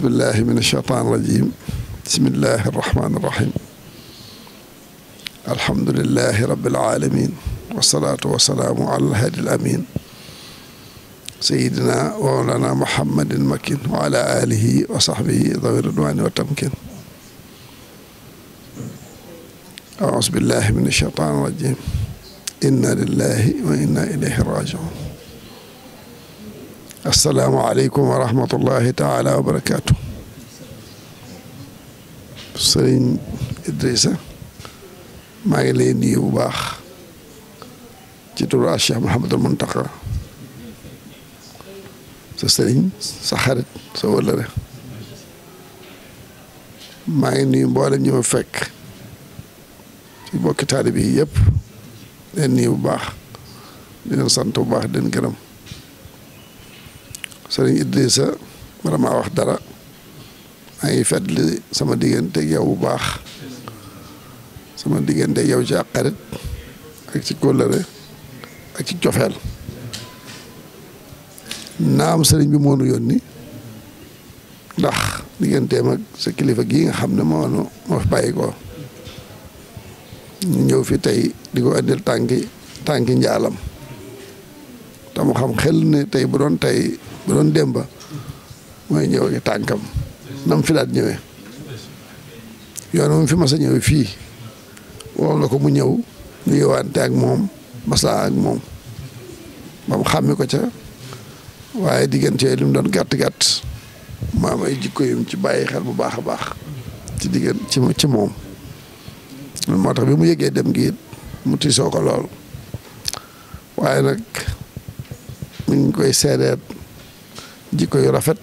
أعوذ بالله من الشيطان الرجيم بسم الله الرحمن الرحيم الحمد لله رب العالمين والصلاة والسلام على الهادي الأمين سيدنا وولانا محمد المكين وعلى آله وصحبه ذوي الرضوان والتمكين أعوذ بالله من الشيطان الرجيم إنا لله وإنا إليه راجعون السلام عليكم ورحمة الله تعالى وبركاته سرين إدريسة ما يليني وباخ جدور الشيخ محمد المنتقى سرين سخرت سوال لره ما يليني مبالي نيو فك تيبو كتاري بي يب لليني وباخ لنسان توباخ دين كرم sëriñ Idrissa bala maa wax dara ay ngi sama diggante yow bu baax sama diggante yow ci ak xarit ak ci kóllëre ak ci cofeel naam sëriñ bi moo yónni ndax digganteem ak sa kilifa gii nga xam ne moo nu moo bàyyi ko ñëw fi tey di ko indil tànki tànki njaalam te mu xam xel ne tey bu doon tey bu doon Demba mooy ñëw gi tànkam nam fi daat ñëwee yoon moom fi mas a ñëwee fii woo la ko mu ñëw ñu yowante ak moom masaa ak moom ba mu xàmmi ko ca waaye diggante yooyu li mu doon gàtt gàtt mu am ay jikko yum ci bàyyi xel bu baax a baax ci diggante ci moom moo tax bi mu yëgee dem gi it mu tiisoo ko lool waaye nag mi ngi koy seedeet jikko yu rafet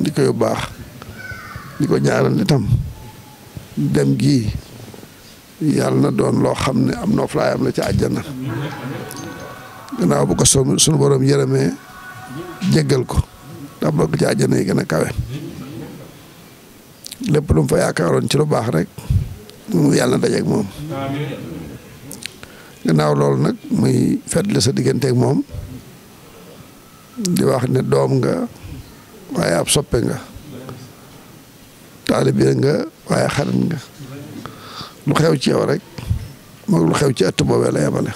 jikko yu baax di ko ñaaral itam dem gi yàlla na doon loo xam ne am noflaayam la ci àjjana gannaaw bu ko so sunu borom yërëmee jéggal ko ndax bokk ci àjjana yi gën a kawe lépp lu mu fa yaakaaroon ci lu baax rek mu yàlla na moom gannaaw loolu nag muy fetli sa digganteeg moom di wax ne doom nga waaye ab soppe nga taalibe nga waaye xarit nga lu xew ci yow rek moom lu xew ci ëtt boobee la yemale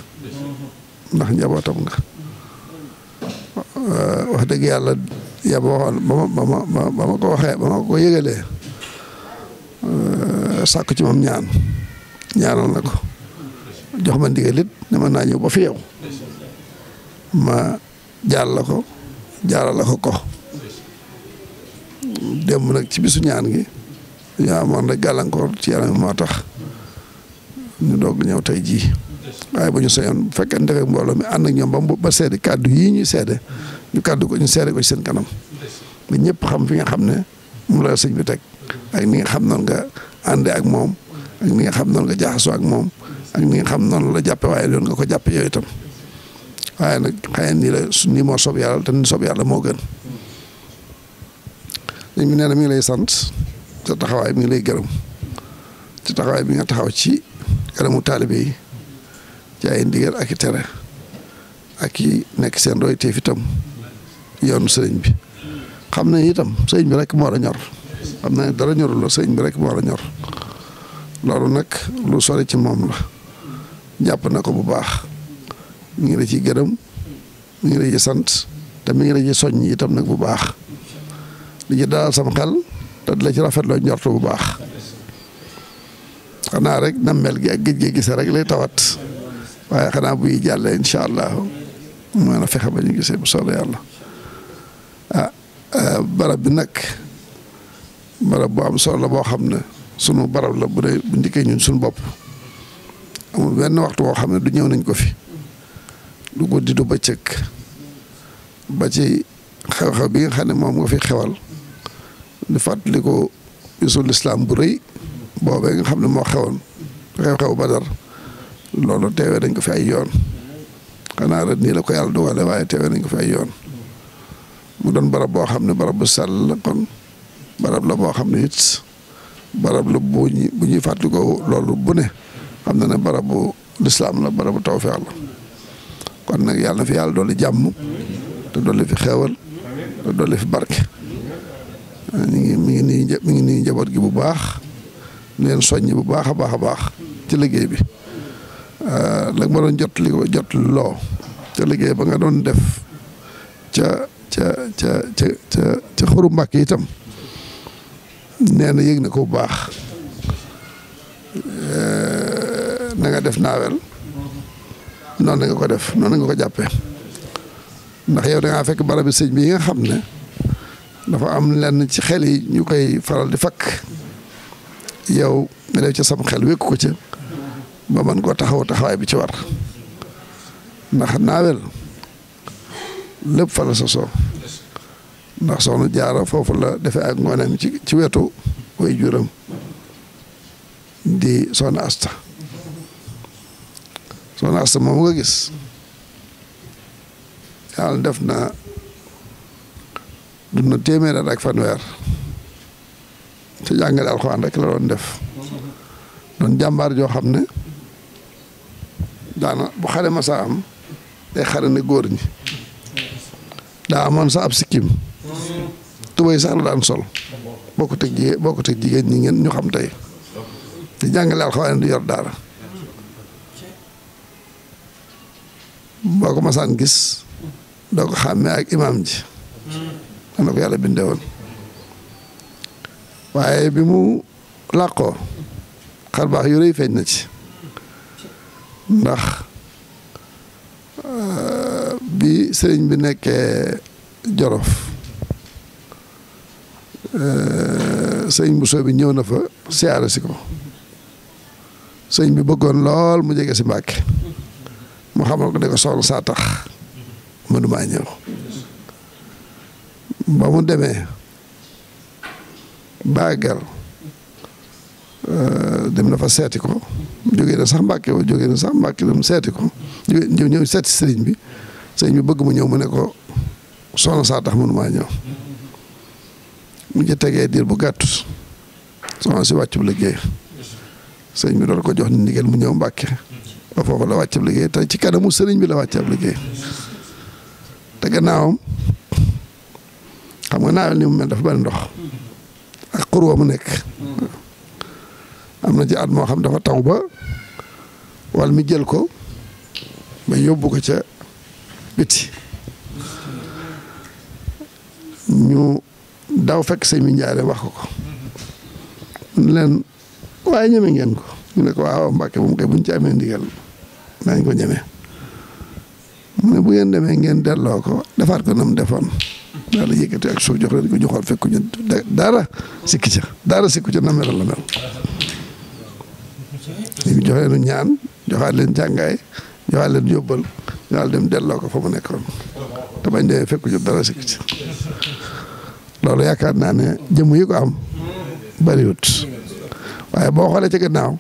ndax njabootam nga wax dëgg yàlla ya ma waxoon ba ma ba ma ko waxee ba ma ko yëgalee euh, sàkku ci moom ñaan ñaanal na ko jox ma ndigal ne ma naa ñëw ba fi yow ma jaar la ko jaara la ko ko dem nag ci bisu ñaan gi dañoo amoon rek gàllankoor ci yaram moo tax ñu doog ñëw tey jii waaye ba ñu sañoon bu fekkee defee mbooloo mi ànd ak ñoom ba mu ba seede kàddu yii ñu seede ñu kàddu ko ñu seede ko ci seen kanam ba ñëpp xam fi nga xam ne mu la sëñ bi teg ak ni nga xam noonu nga ànde ak moom ak ni nga xam noonu nga jaaxasoo ak moom ak ni nga xam noonu la jàppe waaye doon nga ko jàppe yooyu itam waaye nag xëy nii la nii moo soob moo gën dañ mi nee na mi ngi lay sant taxawaay mi ngi lay gërëm ci taxawaay bi nga taxaw ci yaramu taalibe yi ci ay ndigal ak tere ak i nekk seen roy itam yoonu sëriñ bi xam ne itam sëriñ bi rek moo la ñor xam na dara ñorul la sëriñ bi rek moo la ñor loolu nag lu sori ci moom la jàpp na ko bu baax mi ngi la ci gërëm mu ngi la ciy sant te mi ngi la ciy soññ itam nag bu baax di ci daal sam xel te di la ci rafetloo njortu bu baax xanaa rek nammel gi ak géej gi gisee rek lay tawat waaye xanaa buy jàllee incha allah maanaam fexe ba ñu gisee bu soobee yàlla ah, ah barab bi nag barab bu am solo la boo xam ne sunu barab la bu dee bu ndikkee ñun suñu bopp amul benn waxtu boo xam ne du ñëw nañ ko fi. du guddi du bëccëg ba ci xew-xew bi nga xam ne moom nga fi xewal di fàttali ko bisul bu rëy boobee nga xam ne moo xewoon xew-xew Badar loolu teewee dañ ko fi ay yoon xanaa ret nii la ko yàlla dogale waaye teewee dañ ko fi ay yoon mu doon barab boo xam ne barab bu sell la kon barab la boo xam ne it barab la bu ñuy bu ñuy fàttali ko loolu bu ne xam na ne barabu lislaam la barabu tawfeex la kon nag yàlla na fi yàlla dolli jàmm te dolli fi xeewal te dolli fi barke ngi mi ngi nuyu mi ngi nuyu njaboot gi bu baax leen soññ bu baax a baax a baax ci liggéey bi la euh, ma doon jot li loo ca liggéey ba nga doon def ca ca ca ca ca ca xuru mbàkk itam nee na yëg na ko bu baax euh, nanga def naawel noonu nga ko def noonu nga ko jàppe ndax yow da fekk barab bi sëñ bi nga xam ne dafa am lenn ci xel yi ñu koy faral di fakk yow nga def ca sam xel wékku ko ci ba mën koo taxaw taxawaay bi ci war ndax naawel lépp fa la sosoo ndax soxna jaara foofu la defee ak ngooneem ci ci wetu way juram di soxna asta soxna Asta moom nga gis yàlla def na dund téeméer ak fanweer ci jàngale alxuraan rek la doon def doon jàmbaar joo xam ne daana bu xare masa am day xare ne góor ñi daa amoon sax ab sikkim tubay sax la daan sol boo ko teg jigéen boo ko teg jigéen ñi ngeen ñu xam tey di jàngale alxuraan di yor daara boo ko masaan gis doo ko xàmmee ak imaam ji man ko yàlla bindee waaye bi mu làqoo xar baax yu rëy feeñ na ci ndax euh, bi sëriñ bi nekkee jolof euh, sëriñ Bousso bi ñëw na fa siyaare si ko sëriñ bi bëggoon lool mu jege si Mbàkke mu xamal ko ne ko soxla saa tax mënumaa ñëw ba mu demee Bakel euh, dem na fa seeti ko jógee na sax Mbàkke wa jógee na sax Mbàkke dem seeti ko ñëw ñëw seeti sëriñ bi sëriñ bi bëgg mu ñëw mu ne ko soxna saa tax mënumaa ñëw mu ci tegee diir bu gàtt soxna si wàccu liggéey sëriñ bi doon ko jox ni ndigal mu ñëw Mbàkke ba foofu la wàccab liggéey te ci kanamu sëriñ bi la wàccab liggéey te gannaawam xam nga naawel ni mu mel dafa bari ndox ak xurwa mu nekk am na ci at moo xam dafa taw ba walla mi jël ko ba yóbbu ko ca biti ñu daaw fekk sëñ bi njaare wax ko ko leen waaye ñeme ngeen ko ñu ne ko waaw Mbàkke moom kay buñ ci amee ndigal nañ ko ñeme mu bu ngeen demee ngeen delloo ko defaat ko nam defoon daal di yëkkati ak suuf jox leen ko joxoon fekk ñu dara sikki ca dara sikku ca na meloon la mel. léegi jox leen ñaan joxaat leen jàngaay joxaat leen yóbbal joxaat dem delloo ko fa mu nekkoon te demee fekk ñu dara sikki ca loolu yaakaar naa ne jëmm yi ko am bariwut waaye boo xoolee ci gannaaw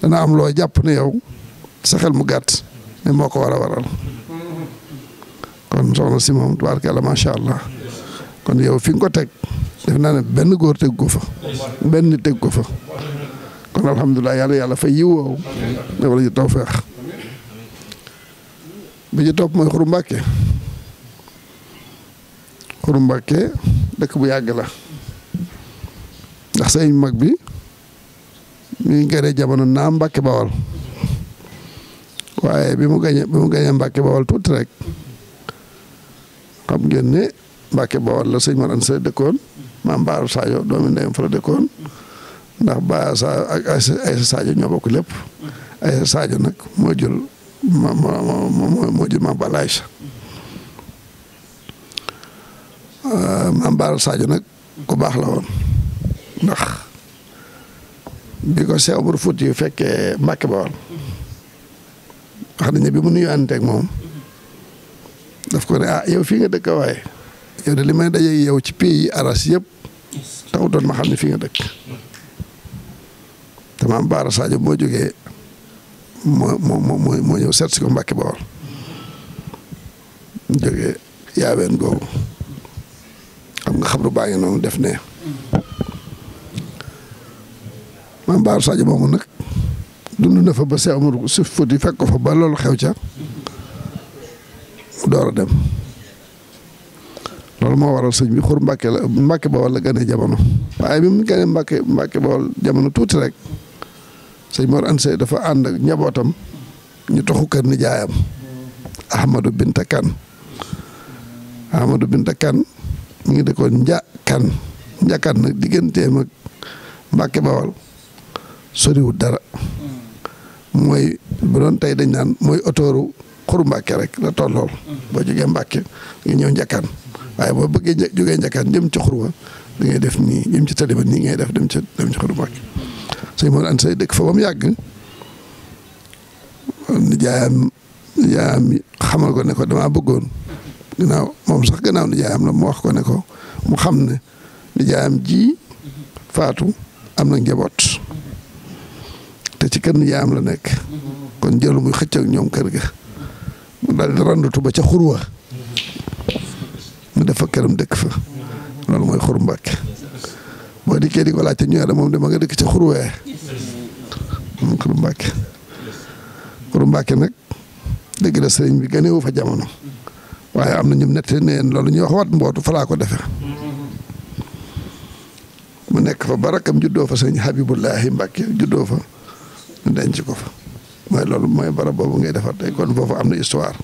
dana am loo jàpp ne yow. sa xel mu gàtt ne moo ko war a waral kon soxna si moom tubaarkàlla macha allah kon yow fi nga ko teg def naa ne benn góor teg ko fa benn teg ko fa kon alhamdulilah yàlla yàlla fa yiw woowu dafa la ñu tawfeex bi ñu topp mooy xuru mbàkke xuru dëkk bu yàgg la ndax sëñ mag bi mi ngi gëree jamono naa mbàkke bawal waaye bi mu gañe bi mu gañe Mbàkke Bawol tuuti rek xam ngeen ne Mbàkke Bawol la sëñ Maran sa dëkkoon maam Baaru Sadio doomi ndeyam fa la dëkkoon sa ak ñoo bokk lépp Aysa Sadio nag moo jël ma ma maam Balla euh, maam Baaru Sadio nag ku baax la woon ndax bi ko Seex Umar Fuuti yu fekkee Mbàkke Bawol wax nañ ne bi mu nuyuwanteeg moom daf ko ne ah yow fii nga dëkk waaye yow de li may daje yow ci pays yi aras yëpp taxutoon ma xam ne fii nga dëkk te maam Baara moo jógee moo moo moo moo ñëw seet si ko Mbàkke Bawol jógee yaaween googu xam nga xabru baa ngi noonu def ne maam Baara Sadio moomu nag dund na fa ba Cheikh Amadou Sif Fouti fekk fa ba loolu xew mu door a dem loolu moo waral sëñ bi xur Mbàkke la Mbàkke Bawol la gane jamono waaye bi mu gane Mbàkke Mbàkke Bawol jamono tuuti rek sëñ Mor Ansey dafa ànd ak njabootam ñu toxu kër nijaayam Ahmadou Binta Kan Ahmadou Binta Kan mu ngi dëkkoon Nja Kan Nja Kan nag digganteem ak Mbàkke Bawol soriwul dara mooy bu doon tey dañ naan mooy otooru xuru Mbàkke rek la tollool boo jógee Mbàkke nga ñëw Njakkaan waaye boo bëggee jógee Njakkaan jëm ci xurwa da ngay def nii jëm ci taliba nii ngay def dem ci dem ci xuru Mbàkke sëñ Mor Anta Sali dëkk fa ba mu yàgg ko ne ko damaa bëggoon gannaaw moom sax gannaaw nijaayam la mu wax ko ne ko mu xam ne nijaayam ji faatu am na njaboot ci kër am la nekk kon jëlu muy xëcc ñoom kër ga mu daal di ba ca xurwa mu def fa këram dëkk fa loolu mooy xur mbàkke boo dikkee di walla laajte ñu ne moom dama nga dëkk ca xurwee moom xur mbàkke xur mbàkke nag dëgg la sëriñ bi ganewu fa jamono waaye am na ñum nette neen loolu ñuy wax wat mbootu fa ko defe mu nekk fa barakam juddoo fa sëriñ Habibullahi Mbàkke juddoo fa denc ko fa mooy loolu mooy barab boobu ngay defar tey kon foofu am na histoire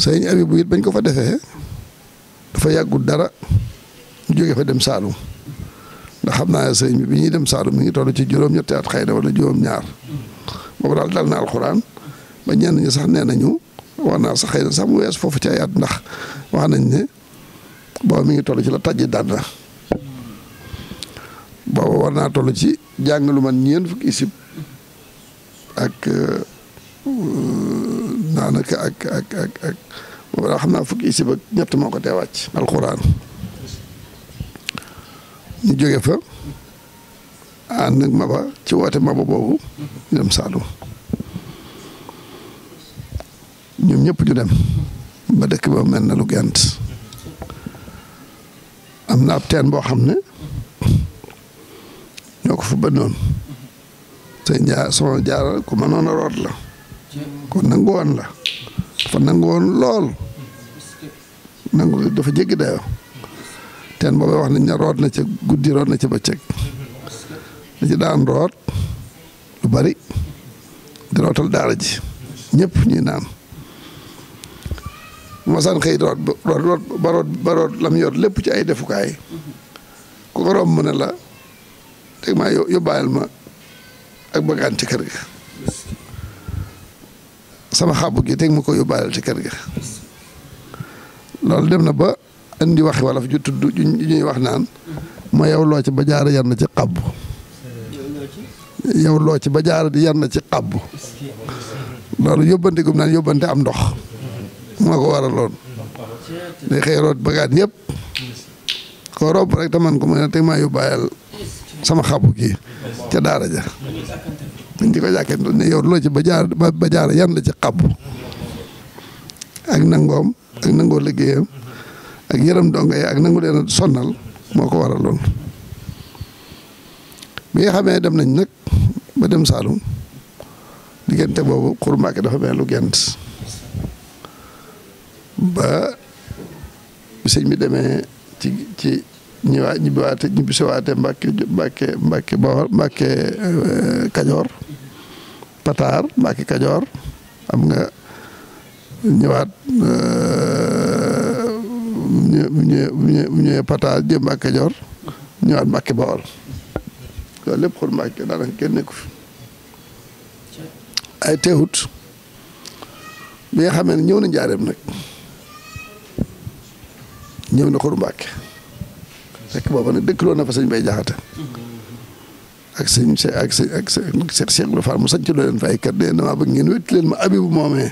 sëñ Abibu it bañ ko fa defee dafa yàggut dara jóge fa dem Saalum ndax xam naa ne sëñ bi bi ñuy dem Saalum mi ngi toll ci juróom-ñetti at xëy na wala juróom-ñaar boobu daal dal na alxuraan ba ñenn nañu sax nee nañu wax naa sax xëy na sax mu wees foofu ci ay at ndax wax nañ ne boobu mi ngi toll ci la tàjji daan na war naa toll ci jàng lu man ñeen fukki isib ak euh, naanaka ak ak ak ak wala daal xam naa fukki isib ak ñett moo ko tee wàcc alxuraan ñu jóge fa ànd ak maba ci woote maba boobu ñu dem Saalum ñoom ñëpp ñu dem ba dëkk ba mel na lu gent am na ab teen boo xam ne ñoo ko fa bënnoon sëñ jaar sama jaar ku mënoon a root la kon nangu woon la dafa nangu woon lool nangu dafa jéggi dayoo teen booba wax nañ ne root na ca guddi root na ca bëccëg da ci daan root lu bari di rootal daara ji ñëpp ñuy naan masaan xëy root ba root lam yor lépp ci ay defukaay ku ko romb mu ne la yo yo bayal ma ak bagan ci kër ga sama xabu gi dégg ma ko bayal ci kër ga lol dem na ba andi waxi wala fu tudd ju ñuy wax naan ma yow lo ci ba jaar yar na ci xabu yow lo ci ba jaar di yar na ci xabu lol yobante gum naan yobante am ndox mako ko waraloon day xëy root bagaan rob rek taman ko ma ma yo bayal sama xabu gi ca daara ja dañ di ko jàkkee ne yow loo ci ba jaar ba jaar yan la ci xabu ak nangoom ak nangoo liggéeyam ak yaram donga yi ak nangu leen sonnal moo ko waraloon bi nga xamee dem nañ nag ba dem Saalum diggante boobu xurmaake dafa mel lu gent ba sëñ bi demee ci ci ñi waa ñibbi waate ñibbi si waate Mbàkke Mbàkke eh, Kajoor Pataar Mbàkke Kajoor am nga ñëwaat eh, mu ñëwee mu ñëwee Pataar jëm Mbàkke ñëwaat Mbàkke Bawol loolu lépp xul Mbàkke daanaka kenn nekku fi ay teewut bi nga xamee ne ñëw na njaareem nag ñëw na xul Mbàkke fekk booba nag dëkk na fa sañ bay jaxate ak sëñ se ak sëñ ak sëñ Cheikh Ibra Fall mu sañc loo leen fa ay kër nee na maa bëgg ngeen wétti leen ma abibu moomee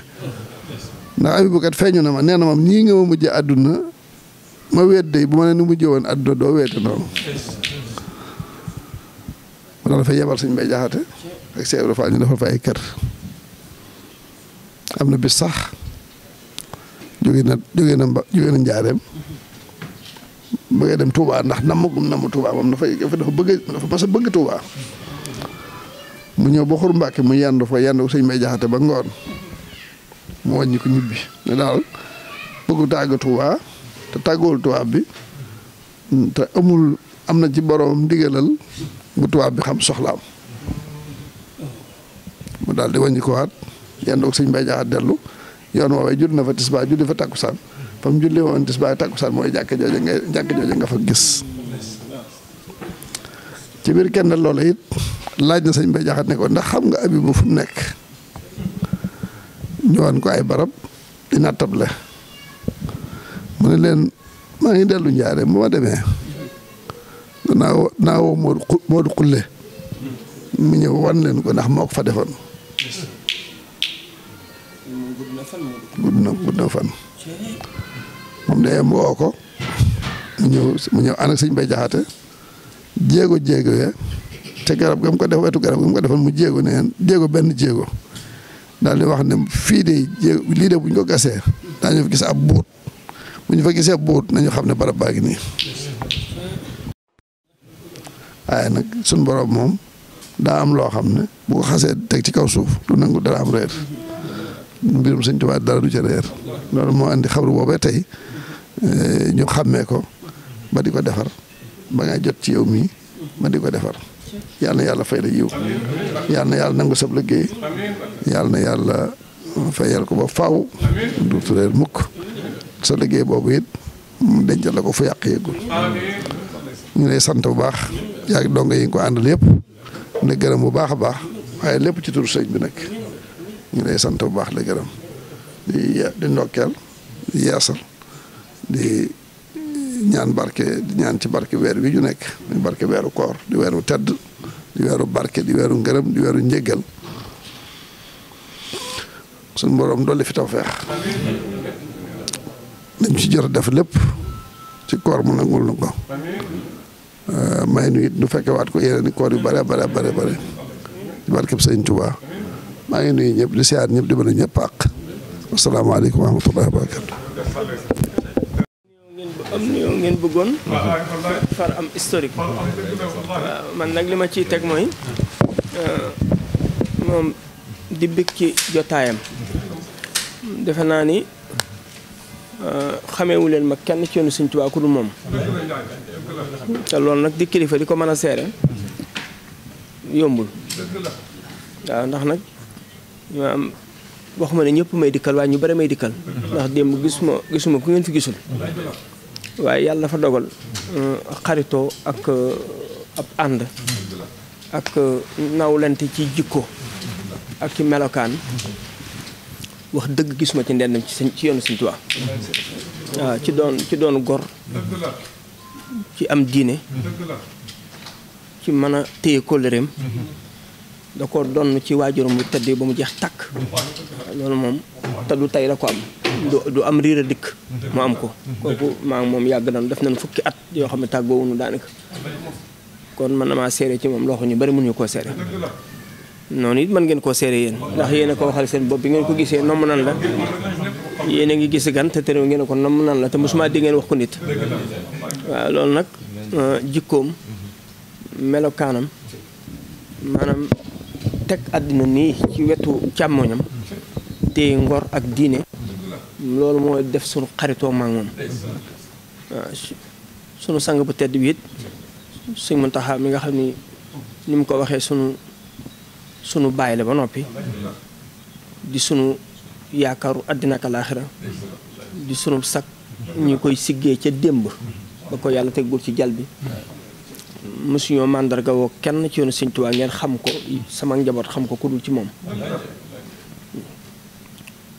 ndax abibu kat feeñu na ma nee na moom nii nga ma mujjee àdduna ma weet day bu ma ne nu mujjee woon àdduna doo weete noonu mu dafa yebal sëñ bay jaxate ak Cheikh Ibra Fall ñu dafa fa ay kër am na bis sax jóge na jóge na njaareem bëgg a dem Touba ndax namm gum namm Touba moom dafay dafa bëgg dafa mas a bëgg Touba. mu ñëw ba xur Mbàkke mu yendu fa yendu sëñ may jaxate ba ngoon mu wàññi ko ne daal bëggu tàgg Touba te tàgguwul tubaab bi te amul am na ci boroom ndigalal bu tubaab bi xam soxlaam mu daal di wàññi ko waat yendu sëñ may jaxate dellu yoon woowee jur na fa tisbaar jur di fa takkusaan fa mu julli woon tisbaar takkusaan mooy jàkk jooje nga jàkk jooje nga fa gis ci biir kenn loola it laaj na sañ Bay Jaxate nekkoon ndax xam nga abi bu fu mu nekk ñëwaan ko ay barab di nattable mu ne leen maa ngi dellu njaare bu ma demee naa woo naa woo Moodu Xulle mu ñëw wan leen ko ndax moo ko fa defoon gudd na gudd na fan. moom day am woo ko mu ñëw mu ñëw ba ak jaxate jéego jéego ya te garab gam ko def wetu garab ga mu ko defoon mu jéego neen jéego benn jéego daal di wax ne fii de lii de buñ ñu ko gasee daañu fa gis ab buut bu ñu fa gisee buut nañu xam ne barab baa ngi nii. waaye nag suñ borom moom daa am loo xam ne bu ko xasee teg ci kaw suuf du nangu dara am réer. mbirum sëñ Tuubaa dara du ca réer loolu moo andi xabru boobee tey eh, ñu xàmmee ko ba di ko defar ba nga jot ci yow mii ba di ko defar yàlla na yàlla fay la yiw yàlla na yàlla nangu sab liggéey yàlla na yàlla fayal ko ba faaw du réer mukk sa liggéey boobu it mu dencal la ko fu yàq yëgul ñu lay sant bu baax yaa ngi yi nga ko àndal yëpp ne gërëm bu baax a baax waaye lépp ci turu sëñ bi nag ñu lay sant bu baax la gërëm di di ndokkeel di yeesal di ñaan barke di ñaan ci barke weer wi ñu nekk di barke weeru koor di weeru tedd di weeru barke di weeru ngërëm di weeru njëggal suñu boroom dolli fi tawfeex dañ ci jot def lépp ci koor mu nangul nu ko may nu yit du fekkee waat ko yeneen di koor yu bare bare bare bare ci barkeb Sëriñ Tuubaa maa nuyu ñep di siar ñep di mën ñep ak assalamu alaykum wa rahmatullahi wa barakatuh am ñu ngeen bëggoon far am historique man nag li ma ciy teg mooy euh, di bég ci jotaayam defe ni euh, ma kenn ci ku di kilifa yombul waaw ndax ñoo am waxuma ne ñëpp may dikkal waaye ñu bari may dikkal ndax démb gisuma gisuma ku ngeen fi gisul waaye yàlla dafa dogal euh, xaritoo ak euh, ab ànd ak euh, nawlante ci jikko ak ci melokaan wax dëgg gisuma ci ndendam ci sëñ ci yoonu Sëñ Tuubaa waaw ci ci doon gor ci am diine ci mën a téye kóllëreem da ko donn ci waajuram bu tëddee ba mu jeex takk loolu moom te du tey la ko am du am riir a dikk mu am ko kooku maa ngi moom yàgg nañu def nañ fukki at yoo xam ne tàggoowuñu daanaka kon man damaa seere ci moom loo xam ñu bari mënuñu koo seere noonu it mën ngeen koo seere yéen ndax yéen a ko waxal seen bopp bi ngeen ko gisee nomm nan la yéen a ngi gis gan te terew ngeen ko nomm nan la te mosuma di ngeen wax ko nit waaw loolu nag euh, jikkoom melokaanam teg àddina nii ci wetu càmmoñam téye ngor ak diine loolu mooy def sunu xaritoo maag moom sunu sang bu tedd bi it sëñ Muntaxa mi nga xam ni ni mu ko waxee sunu sunu baay la ba noppi di sunu yaakaaru àddina ak alaaxira di sunu sag ñu koy siggee ca démb ba ko yàlla teggul ci jal bi mosuñoo màndarga woo kenn ci yoonu Sëñ Tuubaa ngeen xam ko sama njaboot xam ko ku dul ci moom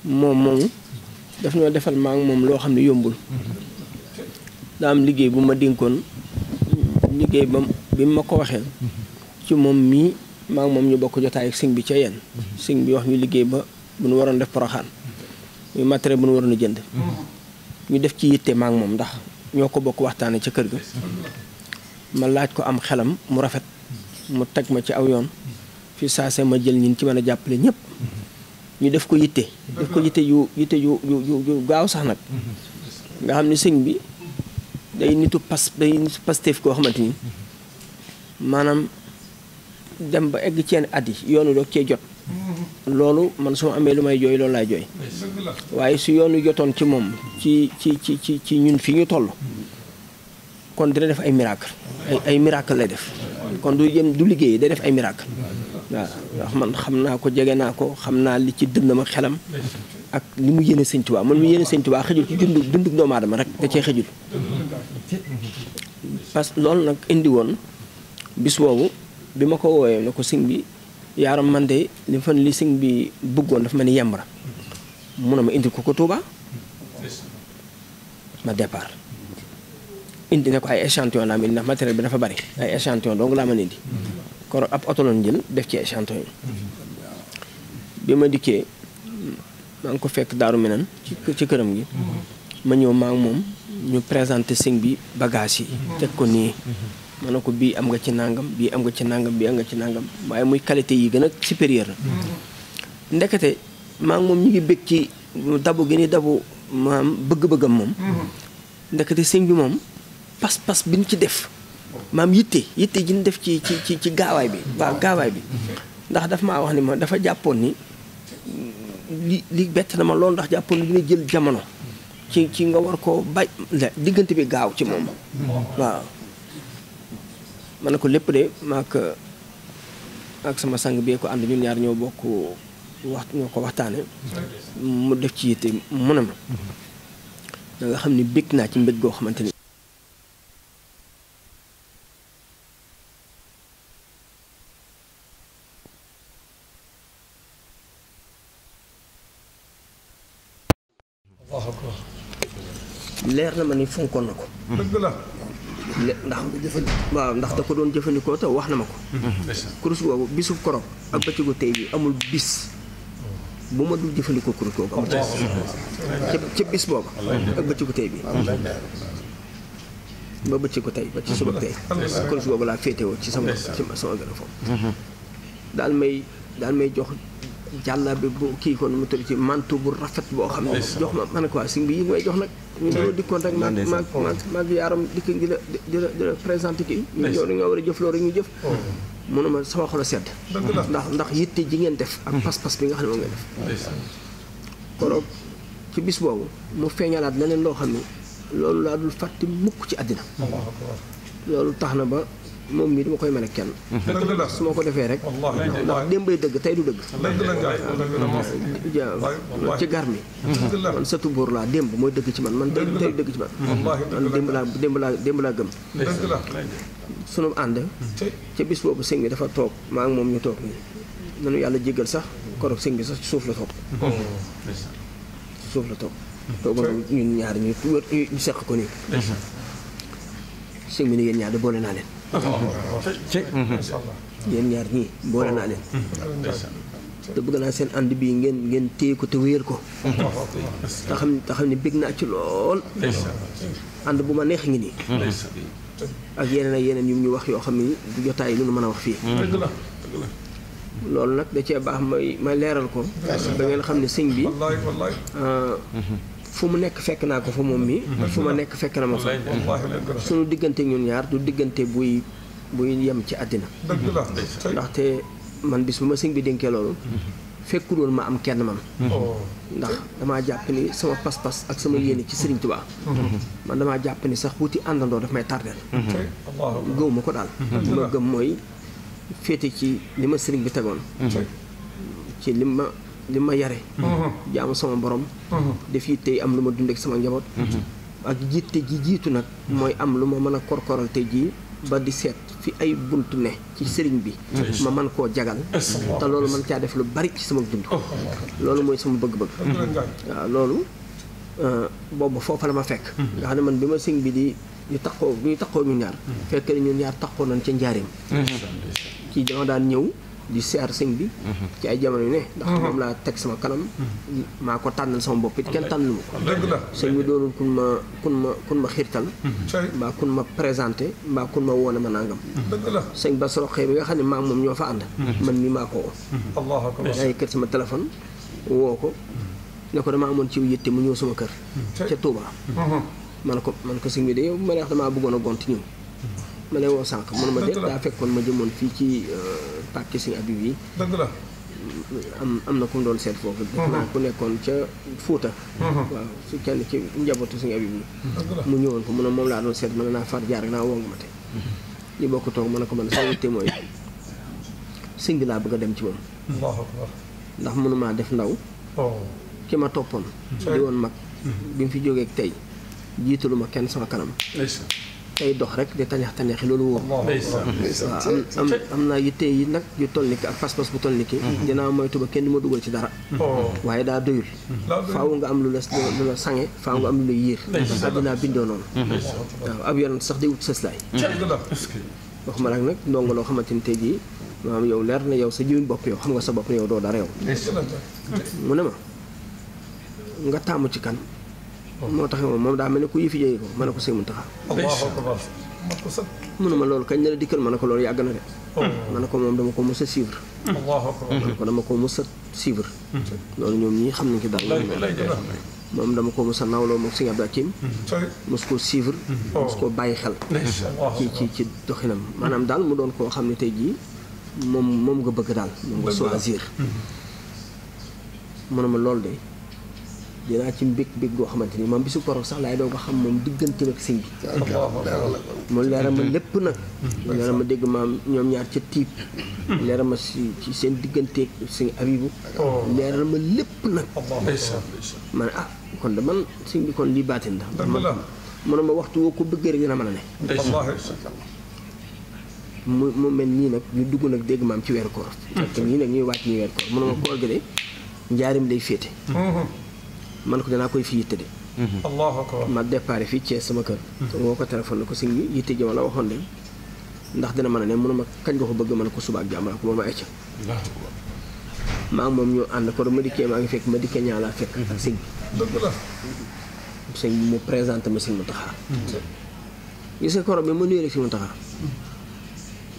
moom moomu daf ñoo defal maa moom loo xam ne yombul daa am liggéey bu ma dénkoon liggéey ba bi ma ko waxee ci moom mii maa moom ñu bokk jotaay ak bi ca yeen sëñ bi wax ñu liggéey ba bu ñu waroon def poroxaan muy matériel bu ñu waroon jënd ñu def ci yitte maa moom ndax ñoo ko bokk waxtaane ca kër ga ma laaj ko am xelam mu rafet mu teg ma ci aw yoon fi saase ma jël ñin ci mën a jàppale ñëpp ñu def ko yitte def ko yitte yu yitte yu yu gaaw sax nag nga xam ni sëñ bi day nitu pas day nitu Pastef koo xamante ni maanaam dem ba egg ceen at yi yoonu doog cee jot loolu man su ma amee lu may jooy loolu laay jooy waaye su yoonu jotoon ci moom ci ci ci ci ci ñun fi ñu toll kon dina def ay miracle ay ay miracle lay def kon du yem du liggéey day def ay miracle waaw ndax man xam naa ko jege naa ko xam naa li ci dëndam ak xelam ak li mu yéene sëñ Tuubaa man mu yéene sëñ Tuubaa xëjul ci dundu dundu cee xëjul que loolu nag indi woon bis boobu bi ma ko woowee na ko sëñ bi yaaram man de li fan li sëñ bi buggoon dafa ma ni yembra mun a ma indi ko ko Tuubaa ma départ indi na ko ay échantillon laa mel ndax matériel bi dafa bari ay échantillon donc la mën indi kon ab oto lañ jël def ci échantillon bi ma dikkee maa ko fekk daru minan ci ci gi ma ñew ma ak mom ñu présenter sing bi bagage yi tek ko ni ma bi am nga ci nangam bi am nga ci nangam bi am nga ci nangam waye muy qualité yi gëna supérieur ndekete ma ngi moom ñu ngi bëgg ci dabu gi ni dabu ma bëgg-bëggam mom mm-hmm. ndekete sing bi mom pas-pas biñ ci def mam yitté yitté giñ def ci ci ci ci bi wa gaway bi ndax daf ma wax ni ma dafa japon ni li li na ma lool ndax japon ni dina jël jamono ci ci nga war ko bay digënté bi gaaw ci mom wa man ko lepp dé mak ak sama sang bi ko and ñun ñaar ñoo bokku wax ñoo ko waxtaane mu def ci yitté mu ne da nga xamni ni na ci mbég go xamanteni leer na ma ni fonkoon na ko. dëgg la. ndax waaw ndax da ko doon jëfandikoo te wax na ma ko. kurus googu bisu korog ak bëccëgu tey bii amul bis. bu ma dul jëfandikoo kurus googu amul ci bis boobu. ak bëccëgu tey bi. ba bëccëgu tey ba ci suba tey. kurus googu laa féetewoo ci sama sama gën a foofu. Mhm. daal may daal may jox. jàllaa bi bu kii kon mu tëdd ci mantu bu rafet boo xam ne jox ma ma ko waa sëñ bi yi may jox nag ñu dañoo dikkoon rek maag maag maag yaaram dikk di la di la di la présenté kii ñu ñëw dañoo war a jëf loolu ñu jëf oh. mënuma sama xol a sedd ndax ndax yitte ji ngeen def ak hmm. pas-pas bi nga xam ne moom ngeen def koroog ci bis boobu mu feeñalaat leneen loo xam ne loolu laa dul fàtte mukk ci àddina loolu tax na ba moom mii duma koy mën a kenn su ma ko defee rek ndax démbay dëgg tey du dëgg ci gar mi man sëtu buur laa démb mooy dëgg ci man man tey du dëgg ci man man démb laa démb laa démb laa gëm sunu ànd ca bis boobu sëñ bi dafa toog maa ngi moom ñu toog nii nanu yàlla jéggal sax korog sëñ bi sax ci suuf la toog oh, ci suuf la toog toogoon ñun ñu wër ñu seq ko nii sëñ bi ni yéen ñaar de boole naa leen ci yéen ñaar ñii boole naa leen bëgg naa seen ànd bii ngeen ngeen téye ko wéer ko te xam te ne bég naa ci lool ànd bu ma neex ngi yeneen yeneen yu ñu wax yoo xam ne du jotaay nu mën a fii loolu nag da cee baax may may leeral ko da ngeen xam ne sëñ bi euh, fu mu nekk fekk naa ko fa moom mi mm-hmm. fu ma nekk fekk na ma fa suñu diggante ñun ñaar du diggante buy buy yem ci àddina mm-hmm. ndaxte man bis bu ma sëñ bi dénkee loolu mm-hmm. fekkul woon ma am kenn man oh. ndax damaa jàpp ni sama pas-pas ak sama yéene ci Sëriñ Tuubaa man damaa jàpp ni sax wuti àndandoo daf may tardeel gëw ma ko daal li ma gëm mooy féete ci li ma sëriñ bi tegoon ci li ma di ma yare mhm. jaamu sama borom mhm. def tey am luma dundek dund ak sama njabot mhm. ak jitte gi jitu nak moy am luma ma kor a tey ji ba di set fi ay buntu ne ci serigne bi ma man ko jagal ta lolu man caa def lu bari ci sama dund oh. lolu moy sama bëgg-bëgg lolu loolu euh, boobu la ma fekk nga xam man bima serigne bi di ñu taxoo ñu taxoo ñu ñaar fekk ñu ñaar taxoo nañ ci ndiarim ki dama daan ñew di siyaar sëñ bi mhm. ci ay jamono yu ne ndax mhm. moom laa teg sama kanam mhm. maa ko tànnal sama bopp it kenn tànnal ma ko dëgg la sëñ bi doonul kun ma kun ma kun ma xiirtal mbaa kun ma présenté mbaa kun ma woone a nangam dëgg la sëñ Bass Rokhaya bi nga xam ne maa moom ñoo fa ànd man mii maa ko woo ay kër sama téléphone woo ko ne ko damaa amoon ci yitte mu ñëw sama kër ca Touba man ko man ko sëñ bi de yow ma ne wax damaa bëggoon a gont ñëw ma ne daa fekkoon ma jëmoon fii ci euh, parti Sëñ Abib yi. am na ku mu doon seet foofu. Mhm. def naa ku nekkoon ca Fuuta. Mhm. waaw su kenn ci njabootu Sëñ Abib yi. mu ñëwoon ko mu ne moom laa doon seet mën naa far jaar ak naa wong ma tey. Mhm. ñu bokk toog mën a ko mën sama yitte laa bëgg a dem ci moom. ndax mënumaa def ndaw. Oh. ki ma toppoon. di woon mag. bi mu fi jógee tey jiitalu ma kenn sama kanam. day dox rek di taneex taneexi loolu woo am am naa yitte yi nag yu toll ni ki ak pas-pas bu toll ni ki mm-hmm. dinaa moytu ba kenn du ma dugal ci dara mm-hmm. oh. waaye mm-hmm. daa doyul faaw nga am lu la lu la sange faaw nga am lu la yiir addinaa bindoo noonu waaw ab yonent sax day wut sëslaay wax ma nag nag ndongo loo xamante ni tey jii maanaam yow leer na yow sa jiwin bopp yow xam nga sa bopp ne yow doo dara yow mu ne ma nga taamu ci kan moo tax moom moom daa mel ne ku yëfi jëyee ko ma ne ko sëñ Muntaxa ma loolu kañ la dikkal ma ne ko loolu yàgg na de oh. ma ne ko moom dama ko mos a suivre ma ko dama ko mos a suivre loolu ñoom ñii xam nañ ci dara moom dama ko mos a nawloo moom sëñ Abdou Hakim mos koo suivre oh. koo bàyyi xel ci ci ci maanaam daal mu doon koo xam ne tey jii moom moom nga bëgg daal moom nga choisir mm-hmm. ma loolu de dinaa ci mbég mbég goo xamante ni man bisu koroog sax laay doo ko xam moom diggante ak sëñ bi moom leeral ma lépp nag leeral a dégg maam ñoom ñaar ca tiib leeral ma si ci seen digganteeg sëñ abibu oh. lépp nag ma ah, kon da man sëñ bi kon lii baatin la mëna ma waxtu woo ko bëggee rek dina mën a ne mu mel nii nag ñu dugg nag dégg maam ci weer koor te nii ñuy wàcc ñuy weeru ma koor gi de njaarim lay féete mm-hmm. man ko dana koy fi yitté dé mhm. allahu akbar ma déparé fi ci sama kër mhm. woko téléphone ko sing yitté ji wala waxon dé ndax dina mën né ne ma kañ nga ko bëgg mën ko suba ak jàmm ko ma ecc ma ak mom ñu and ko ma diké ma ngi fekk ma diké ñala fekk ak mhm. sëñ dëgg la sing bi mu présenté ma sing mu taxaa yi sa koro bi ma nuyee rek sëñ mu taxaa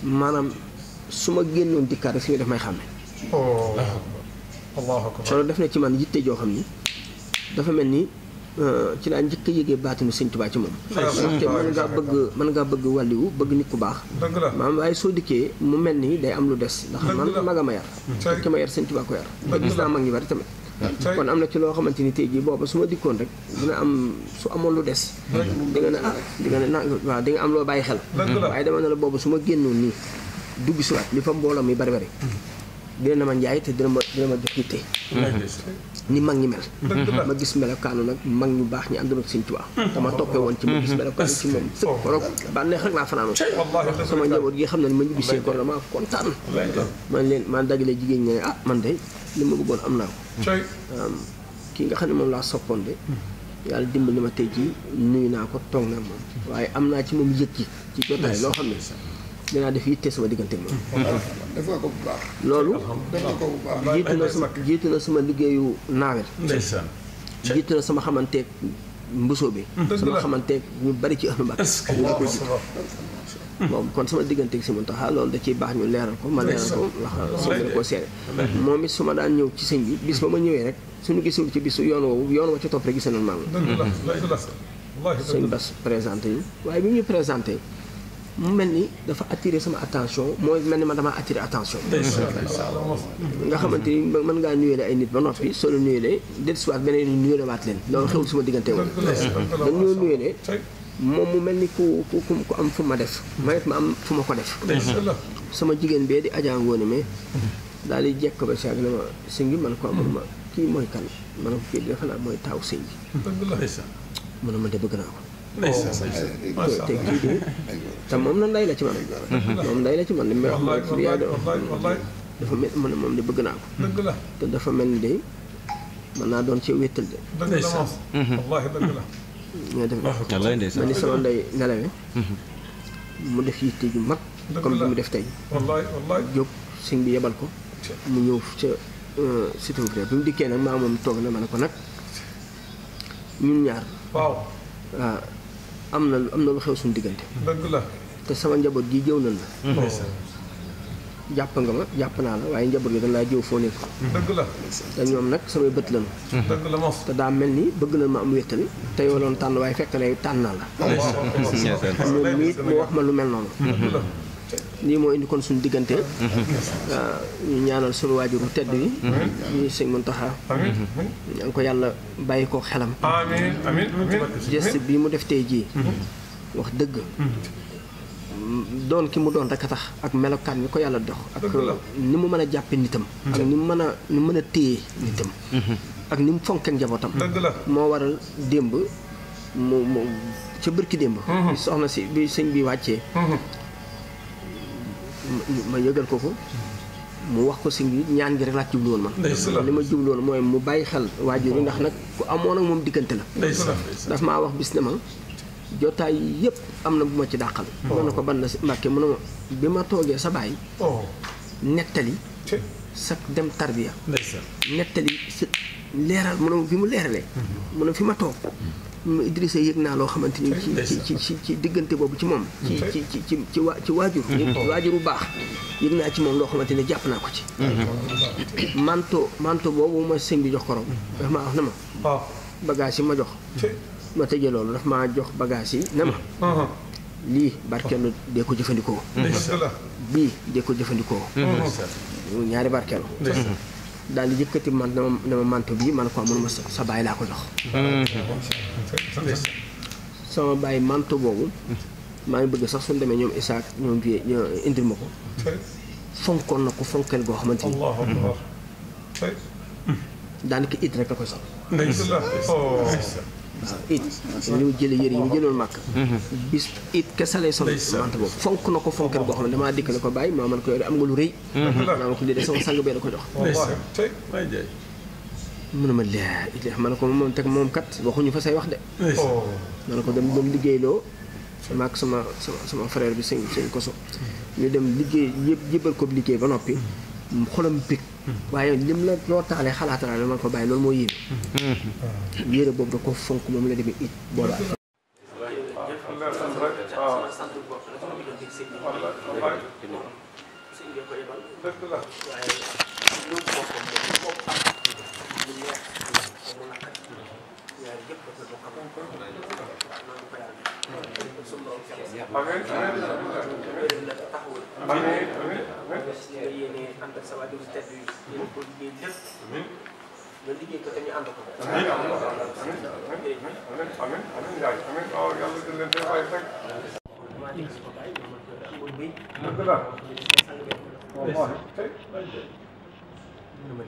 maanaam su ma génnoon dikkaat rek sëñ bi daf may oh. allahu akbar solo def na ci man yitté jo xamni dafa melni ni eh, ci la njëkk yëgee baatinu sëñ tubaa ci mom ndaxte mën ngaa bëgg man nga bëgg wali wu bëgg nit ku baax man waaye so diké mu melni day am lu dess ndax man maga ma yar ki ma yar sëñ tubaa ko yar gis naa mag ñi bari tamit kon amna ci lo xamanteni tay ji bobu suma dikkon rek dina am su amon lu dess di nga ne ah, di nga na wa di nga am lo bàyyi xel waye dama na la bobu suma gennu ni nii dugg si waat li fam mbooloo yi bari bari dina ma jaay te dina ma dina ma dikité ni mag ñi mel ma gis melokaanu nag mag ñu baax ñi àndoon ak Sëñ Tuubaa hmm. dama toppee woon ci ma gis melokaanu ci moom sëkk korog bànneex rek laa fanaanoo sama njaboot gi xam ne ma ñu gisee ko dama kontaan man leen man dajale jigéen ñi ne ah man de li ma bëggoon am naa ko kii nga xam ne moom laa soppoon de hmm. yàlla dimbali ma tey jii nuyu naa ko toog na moom hmm. waaye am naa ci moom yëg ci ci jotaay loo xam ne dinaa def yitte sama digganteeg loolu. def nga ko bu baax. loolu jiitu na sama jiitu na sama liggéeyu naawel. jiitu na sama xamanteeg mbusoo bi. Mm-hmm. sama xamanteeg ñu bari ci ëllëg. moom kon sama digganteeg si Muntaxa loolu da ciy baax ñu leeral ko ma leeral ko wax soo leen moom it su daan ñëw ci sëñ bi bis ba ma ñëwee rek suñu gisul ci bisu yoon woowu yoon wa ci topp rek gis nañ maam mm-hmm. la sëñ Bas présenté yi waaye bi ñu présenté mu mel ni dafa attire sama attention mooy mel ni ma dama attiré attention. nga xamante ni mën ngaa nuyulee ay nit ba noppi soo leen nuyulee dellusiwaat beneen nuyulee waat leen loolu xewul sama diggante woon. dañ ñoo nuyulee moom mu mel ni ku ku ku am fu ma def. ma it ma am fu ma ko def. sama jigéen bee di Adja Ngone mais daal di jekk ba saa ne ma sëñ bi man ko amul ma kii mooy kan man ko kii bi naa mooy taaw si bi. mu ne ma de bëgg naa ko. te oh. moom na nday la ci man moom nday la ci man li may wax mooy pour yaay de wax dafa moom de bëgg naa ko dëgg la te dafa ci wéttal de dëgg la mm-hmm. wallaahi la nga def ma ni sama ndey nelawee mm-hmm. mu def yitte ju mu def tey jóg sëñ bi euh, moom toog na ma ne ko nag ñun ñaar waaw ah, am na lu am na lu xew suñu diggante. te sama njaboot gi jëw nañ la. jàpp nga ma jàpp naa la waaye njaboot gi dañ laa jëw foo nekk. dëgg la. nag samay bët lañu. la moom te daa mel ni bëgg na ma am wéttal te yow tànn waaye fekk na tànn naa la. moom mii mu wax ma lu mel noonu. ni mo indi kon suñu digënté mhm. ah, ñu ñaanal suñu wajuru tedd yi ñu seigne muntaha ñang mhm. ko yalla bayyi ko xelam amin amin geste bi mu def tay ji mhm. wax deug doon ki mu doon rek tax ak melokan bi ko yalla dox ak ni mu mëna a nitam ak ni mu mëna ni mëna mën nitam ak ni mu fonké njabotam mo waral demb mo mu ca bërki soxna ci bi señ bi wacce ma yëgal ko ko mu wax ko si ngi ñaan gi rek laa jublu woon man li ma jublu mooy mu bàyyi xel waajur yi ndax nag ku amoon ak moom diggante la dafa ma wax bis ne ma jotaay yëpp am na bu ma ci dàqal oh. mën na ko ban na si Mbàkke mu ma bi ma toogee sa bàyyi oh. nettali sa dem tarbiya nettali si leeral mu ne bi mu leeralee mu mm-hmm. ne fi ma toog mm-hmm. Idrissa yëg naa loo xamante ni ci ci ci diggante boobu ci moom ci mm-hmm. ci ci ci ci waa ci waajur mm-hmm. waajur bu baax yëg naa ci moom loo xamante ne jàpp naa ko ci mm-hmm. manto manto boobu ma sëñ bi jox koroom daf maa wax na ma bagage yi ma jox ma tëjee loolu daf ma jox bagaas yi na ma lii barkeelu dee ko jëfandikoo bii dee ko jëfandikoo ñaari barkeelu daal di yëkkati man na dama manto bi man ko mënuma sa sa bàyyi laa ko jox. sama bàyyi manto boobu. maa ngi bëgg sax suñu demee ñoom Isaac ñoom bii indil ma ko. fonkoon na ko fonkeel goo xamante ni. daanaka it rek la koy sol. bis it ñu jële yëre yi mu jëloon màkk bis mhm. it kese lay sol mant boobu na ko fonkeel goo xam damaa dikk ne ko bàyyi maa man ko yore am lu rëy maa mhm. ma ko lii de sama da oh, mu ne ma laa ma ne ko moom teg moom kat waxuñu fa say wax de oh. ma na ko dem dem liggéeyloo maak sama sama sama frère bi sëñ sëñ koso mhm. ñu dem liggéey yëpp yëbbal ko liggéey ba noppi xolam waaye lim la loo taalee xalaatala la man ko bàyyi loolu moo yéeme. Mm-hmm. yére boobu da ko fonk moom la demee it booba. Amin. Amin. fas yéene yéene ànd ak sa waajur tedd yi yéen ko liggéey lépp nga liggéey ko te ñu ànd ko amiin amiin amiin yaay amiin waaw yàlla gën leen fee waaye fekk maa dégg si ko bàyyi mën bi dëgg la sang bi ma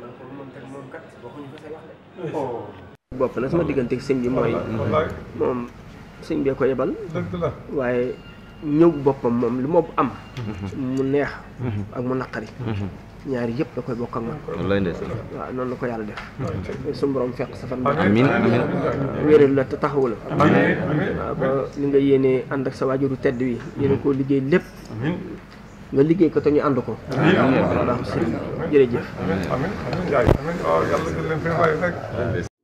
man ko moom teg moom kat waxuñu ko say wax de bopp nag sama diggante sëñ bi mooy moom sëñ bee ko yebal dëgg la waaye ñëw boppam moom lu ma am. mu neex. ak mu naqari. ñaari yëpp da koy bokk ak man. wallaay noonu la ko yàlla def. suñu borom fekk sa fan. amiin amiin wéeral la te taxawu la. ba li nga yéenee ànd ak sa waajuru tedd wi. yéen koo liggéey lépp. nga liggéey ko te ñu ànd ko. amiin amiin